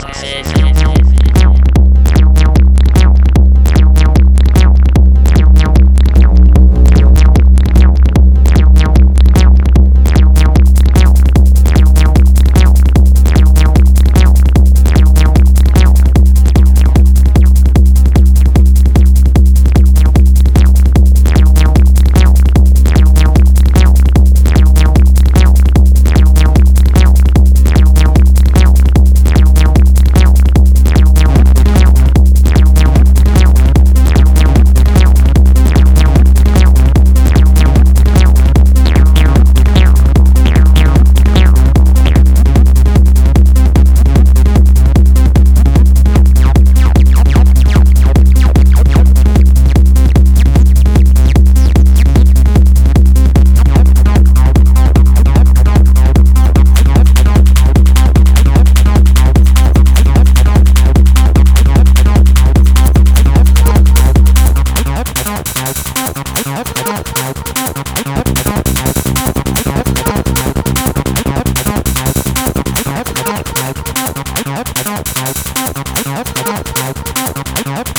Podcast. Hello,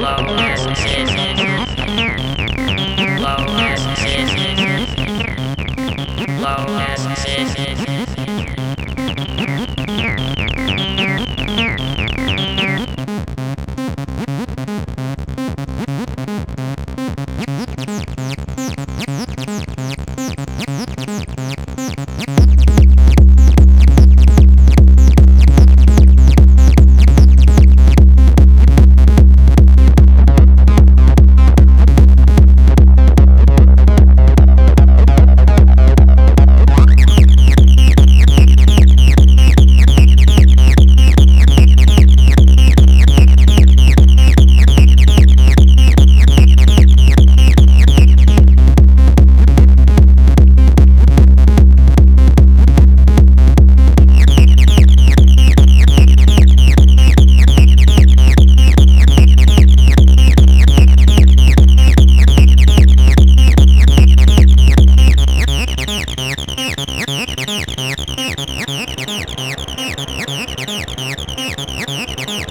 Love. Thank you.